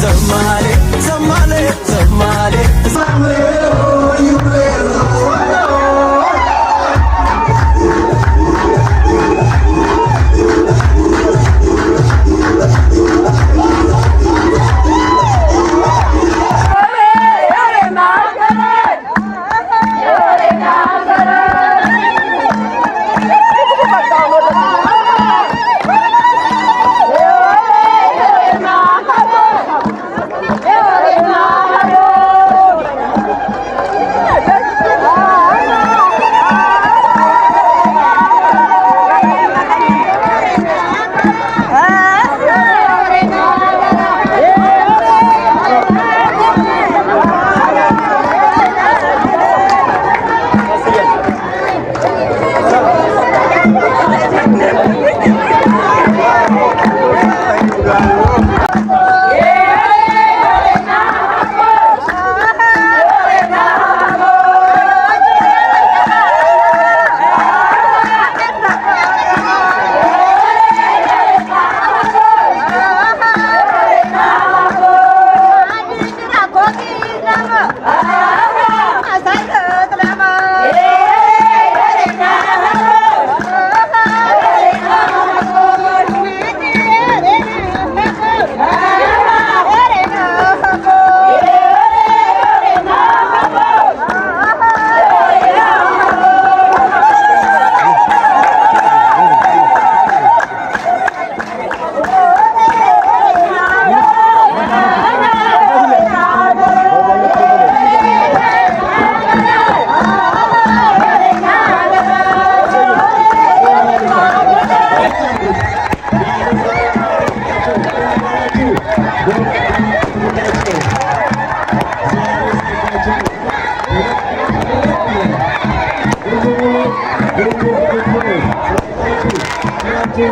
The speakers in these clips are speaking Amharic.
ዘማሌ ዘማሌ ዘማሌ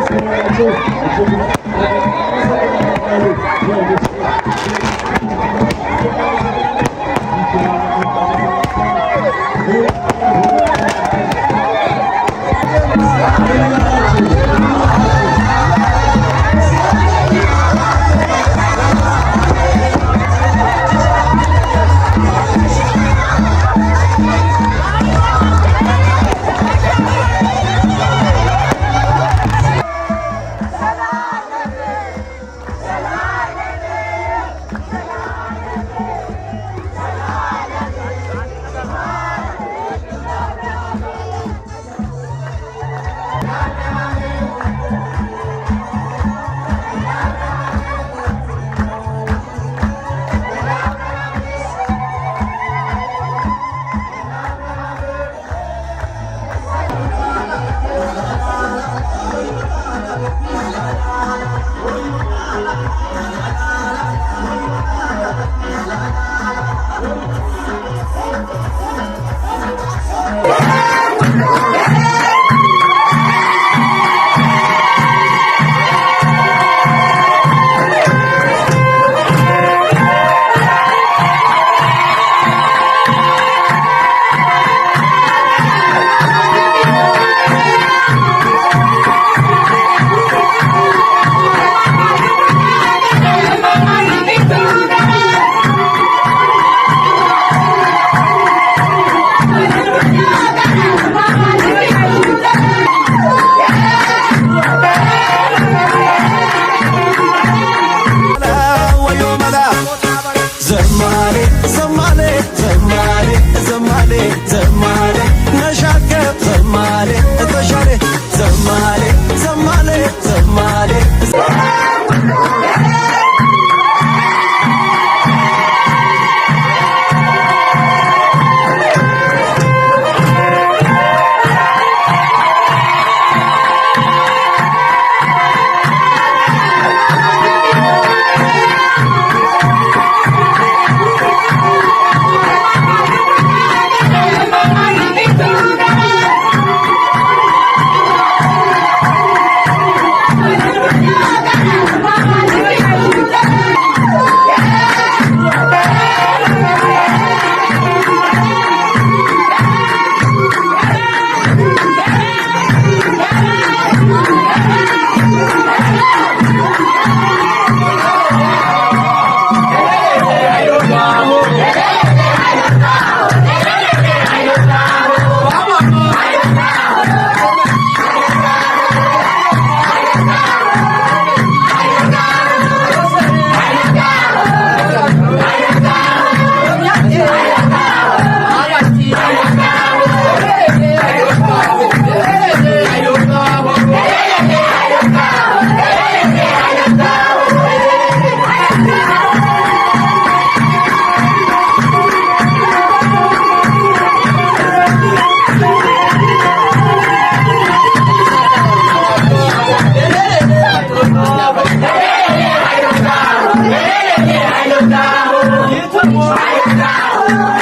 Thank you. 我来了。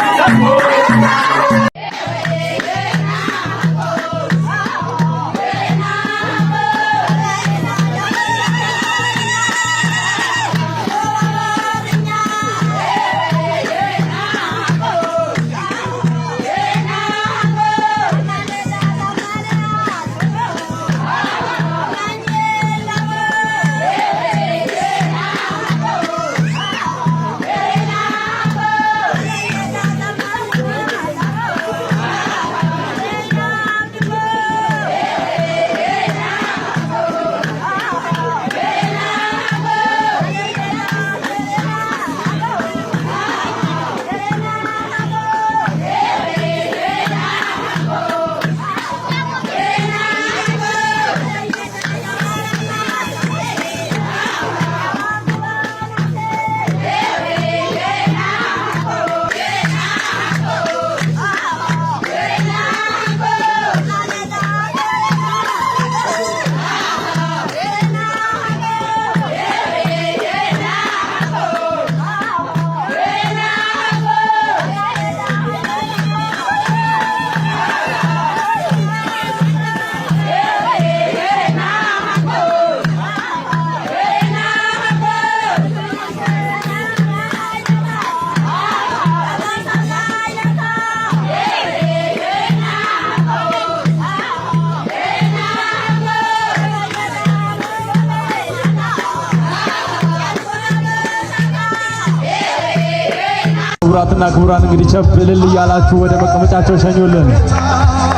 ክቡራትና ክቡራን እንግዲህ ቸብ እልል እያላችሁ ወደ መቀመጫቸው ሸኙልን፣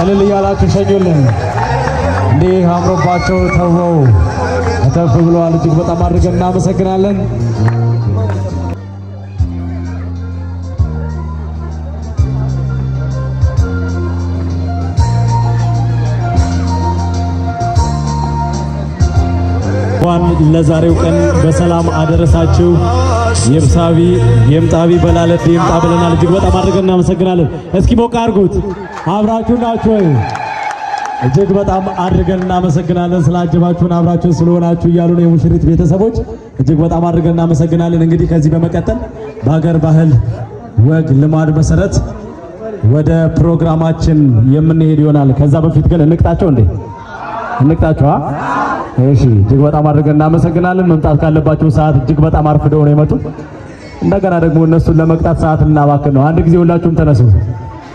እልል እያላችሁ ሸኙልን። እንዲህ አምሮባቸው ተውበው ተፍ ብለዋል። እጅግ በጣም አድርገን እናመሰግናለን። እንኳን ለዛሬው ቀን በሰላም አደረሳችሁ። የብሳቢ የምጣቢ በላለት የምጣ ብለናል። እጅግ በጣም አድርገን እናመሰግናለን። እስኪ ሞቅ አድርጉት። አብራችሁ ናችሁ ወይ? እጅግ በጣም አድርገን እናመሰግናለን ስላጀባችሁን አብራችሁን ስለሆናችሁ እያሉ ነው የሙሽሪት ቤተሰቦች። እጅግ በጣም አድርገን እናመሰግናለን። እንግዲህ ከዚህ በመቀጠል በሀገር ባህል ወግ ልማድ መሰረት ወደ ፕሮግራማችን የምንሄድ ይሆናል። ከዛ በፊት ግን እንቅጣቸው እንዴ እንቅጣቸው እሺ እጅግ በጣም አድርገን እናመሰግናለን። መምጣት ካለባቸው ሰዓት እጅግ በጣም አርፍደው ነው የመጡት። እንደገና ደግሞ እነሱን ለመቅጣት ሰዓት እናባክን ነው። አንድ ጊዜ ሁላችሁም ተነሱ።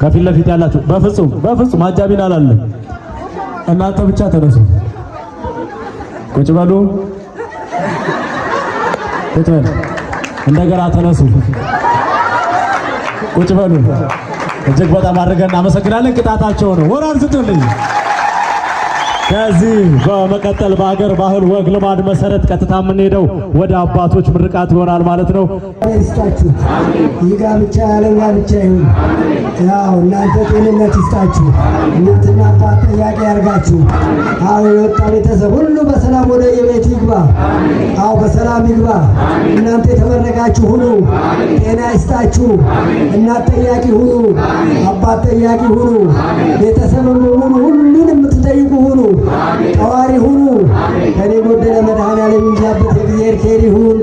ከፊት ለፊት ያላችሁ በፍጹም በፍጹም አጃቢን አላለም። እናንተ ብቻ ተነሱ። ቁጭ በሉ። ቁጭ በሉ። እንደገና ተነሱ። ቁጭ በሉ። እጅግ በጣም አድርገን እናመሰግናለን። ቅጣታቸው ነው። ወራር ስጡልኝ። ከዚህ በመቀጠል በሀገር ባህል ወግ ልማድ መሰረት ቀጥታ የምንሄደው ወደ አባቶች ምርቃት ይሆናል ማለት ነው። ይስጣችሁ። ይህ ጋብቻ ያለም ጋብቻ ይሁን። ያው እናንተ ጤንነት ይስጣችሁ። እናትና አባት ጠያቂ ያርጋችሁ። አሁ የወጣ ቤተሰብ ሁሉ በሰላም ወደ የቤት ይግባ። አዎ በሰላም ይግባ። እናንተ የተመረቃችሁ ሁኑ። ጤና ይስጣችሁ። እናት ጠያቂ ሁኑ። አባት ጠያቂ ሁኑ። ቤተሰብ ሁኑ። ሁሉን የምትጠይቁ ሁኑ። ጠዋሪ ሁኑ። ከኔ ጎደለ መድኃኔዓለም የሚያበት የእግዚአብሔር ኬር ይሁን።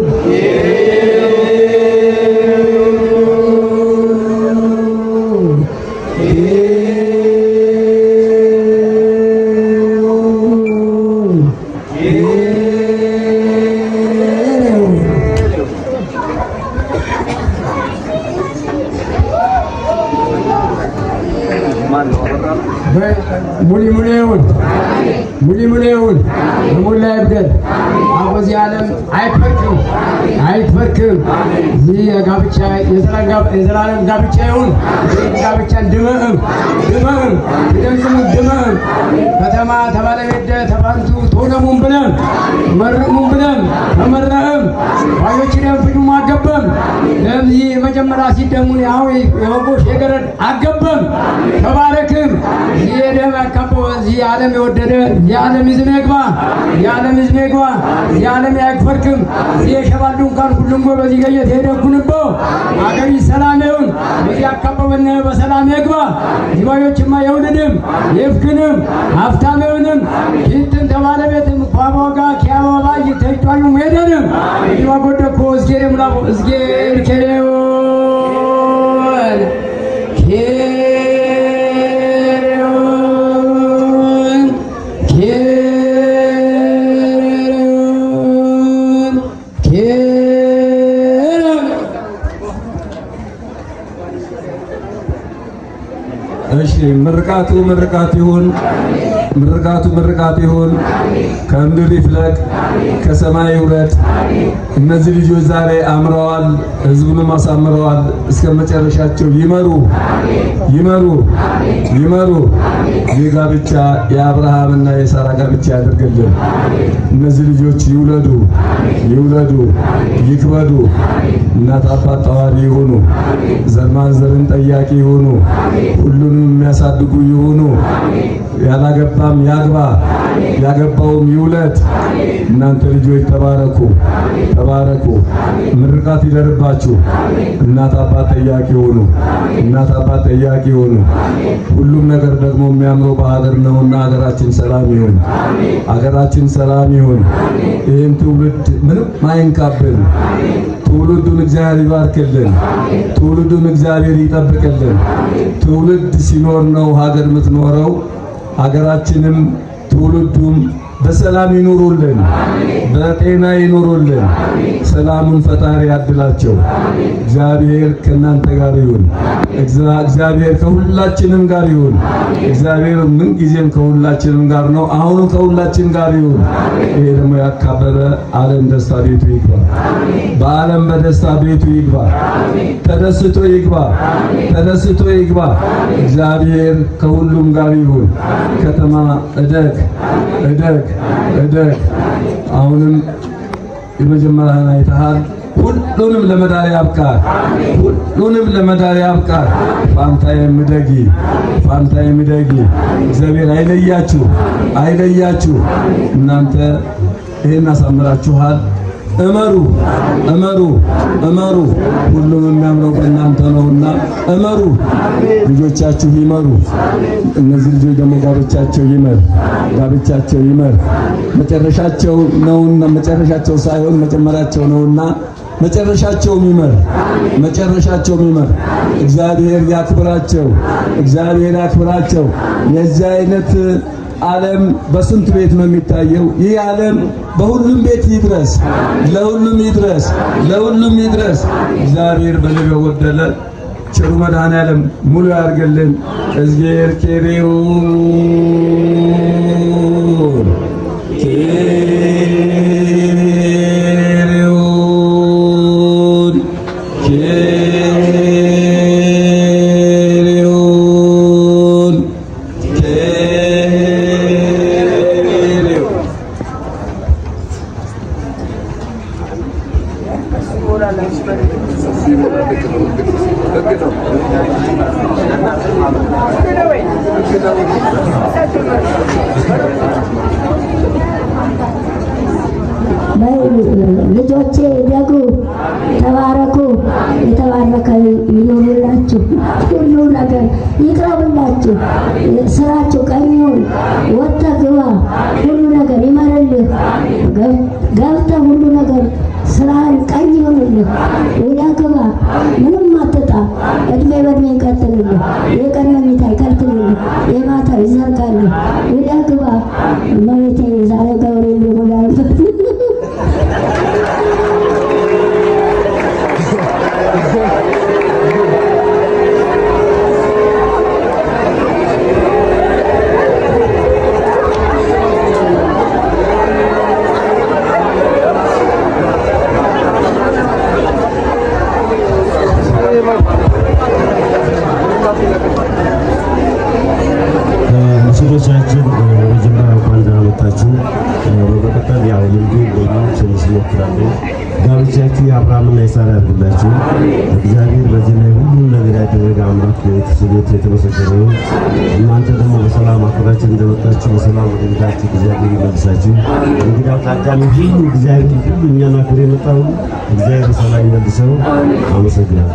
ሙሊሙሌ ይሁን ሙሊሙሌ ይሁን በሞላ ይብደል። አብ ዓለም አይፈርክም አይፈርክም። ይህ የጋብቻ የዘላለም ጋብቻ ይሁን። ጋብቻን ድምዕም ድምዕም ትደምጽም ድምዕም ከተማ ተባለቤደ ተባንቱ ተውለሙም ብለን መርሙም ብለን ተመረእም ባዮች ደም ፍዱም አገበም ለዚህ የመጀመሪያ ሲደሙን ያው የበጎሽ የገረድ አገበም ተባረክም የደም አካቦ እዚህ ዓለም የወደደ የዓለም ሕዝብ ይግባ፣ የዓለም ሕዝብ ይግባ፣ የዓለም ያክፈርክም እዚህ የሸባል ድንኳን ሁሉም ጎ በዚህ ገየት ሄደኩንቦ አገቢ ሰላም ይሁን። በዚህ አካቦ በነ በሰላም ይግባ። ህዝባዮችማ የውልድም ይፍክንም ሀብታም ይሁንም ይትን ተባለቤትም ኳቦጋ ኪያባባ ይተጫዩ ሄደንም ይዋ ጎደኮ እዝጌ ደምላቦ እዝጌ ልኬሌዎን እሺ ምርቃቱ ምርቃት ይሁን። ምርቃቱ ምርቃት ይሁን። ከምድር ይፍለቅ። ከሰማይ ውረድ። እነዚህ ልጆች ዛሬ አምረዋል፣ ህዝቡንም አሳምረዋል። እስከ መጨረሻቸው ይመሩ ይመሩ ይመሩ። የጋብቻ የአብርሃምና የሳራ ጋብቻ ያደርግልን። እነዚህ ልጆች ይውለዱ ይውለዱ፣ ይክበዱ፣ እናት አባት ጠዋሪ ይሆኑ፣ ዘር ማንዘርን ጠያቂ ይሆኑ፣ ሁሉንም የሚያሳድጉ ይሆኑ። ያላገባም ያግባ፣ ያገባውም ይውለድ። እናንተ ልጆች ተባረኩ፣ ተባረኩ። ምርቃት ይደርባችሁ። እናት አባት ጠያቂ ሆኑ፣ እናት አባት ጠያቂ ሆኑ። ሁሉም ነገር ደግሞ የሚያምረው በሀገር ነውና ሀገራችን ሰላም ይሁን፣ ሀገራችን ሰላም ይሁን። ይህን ትውልድ ምንም አይንካብን። ትውልዱን እግዚአብሔር ይባርክልን። ትውልዱን እግዚአብሔር ይጠብቅልን። ትውልድ ሲኖር ነው ሀገር የምትኖረው። ሀገራችንም ትውልዱም በሰላም ይኑሩልን፣ በጤና ይኑሩልን። ሰላሙን ፈጣሪ ያድላቸው። እግዚአብሔር ከእናንተ ጋር ይሁን። እግዚአብሔር ከሁላችንም ጋር ይሁን። እግዚአብሔር ምን ጊዜም ከሁላችንም ጋር ነው። አሁንም ከሁላችን ጋር ይሁን። ይሄ ደግሞ ያካበበ ዓለም ደስታ ቤቱ ይግባ። በዓለም በደስታ ቤቱ ይግባ። ተደስቶ ይግባ። ተደስቶ ይግባ። እግዚአብሔር ከሁሉም ጋር ይሁን። ከተማ እደግ እደግ እደግ አሁንም የመጀመሪያን አይተሃል። ሁሉንም ለመዳሪ ያብቃል። ሁሉንም ለመዳሪ ያብቃል። ፋንታ እደጊ፣ ፋንታዬም እደጊ። እግዚአብሔር አይለያችሁ፣ አይለያችሁ። እናንተ ይሄን አሳምራችኋል። እመሩ እመሩ እመሩ። ሁሉም የሚያምረው በእናንተ ነውና እመሩ። ልጆቻችሁ ይመሩ። እነዚህ ልጆች ደግሞ ጋብቻቸው ይመር፣ ጋብቻቸው ይመር። መጨረሻቸው ነውና መጨረሻቸው ሳይሆን መጨመራቸው ነውና መጨረሻቸው ይመር፣ መጨረሻቸው ይመር። እግዚአብሔር ያክብራቸው፣ እግዚአብሔር ያክብራቸው። የዚህ አይነት ዓለም በስንት ቤት ነው የሚታየው? ይህ ዓለም በሁሉም ቤት ይድረስ፣ ለሁሉም ይድረስ፣ ለሁሉም ይድረስ። እግዚአብሔር በልቤው ወደለ ቸሩ መድኃኔ ሙሉ ያርገልን እዝጌር ኬሬው ስራቸው ቀሪ ይሁን። ወጥተህ ግባ፣ ሁሉ ነገር ይመርልህ። ገብተ ሁሉ ነገር ስራህን ቀይ ይሁንልህ። ወዳ ግባ፣ ምንም አትጣ። እድሜ በእድሜ ይቀጥልልህ። የቀን መኝታ ይከልክልልህ፣ የማታ ይዘርጋልህ። ወዳ ግባ መሬቴ ዛሬ ሙሽሮቻችን መጀመሪያ እንኳን ደህና መጣችሁ። በመቀጠል ያው ልምዱ እንደኛ ትንሽ እሞክራለሁ። ጋብቻችሁ የአብርሃምና የሳራ ያድርግላችሁ። እግዚአብሔር በዚህ ላይ ሁሉም ነገር ያደረገ አምላክ ቤት የተመሰገነ ነው። እናንተ ደግሞ በሰላም አክብራችን እንደመጣችሁ በሰላም ወደ ቤታችሁ እግዚአብሔር ይመልሳችሁ። እንግዲህ ታዳሚ ሁሉ እግዚአብሔር ሁሉ እኛን አክብሮ የመጣ እግዚአብሔር በሰላም ይመልሰው። አመሰግናለሁ።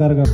carga.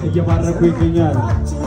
si Jamar na quick yan.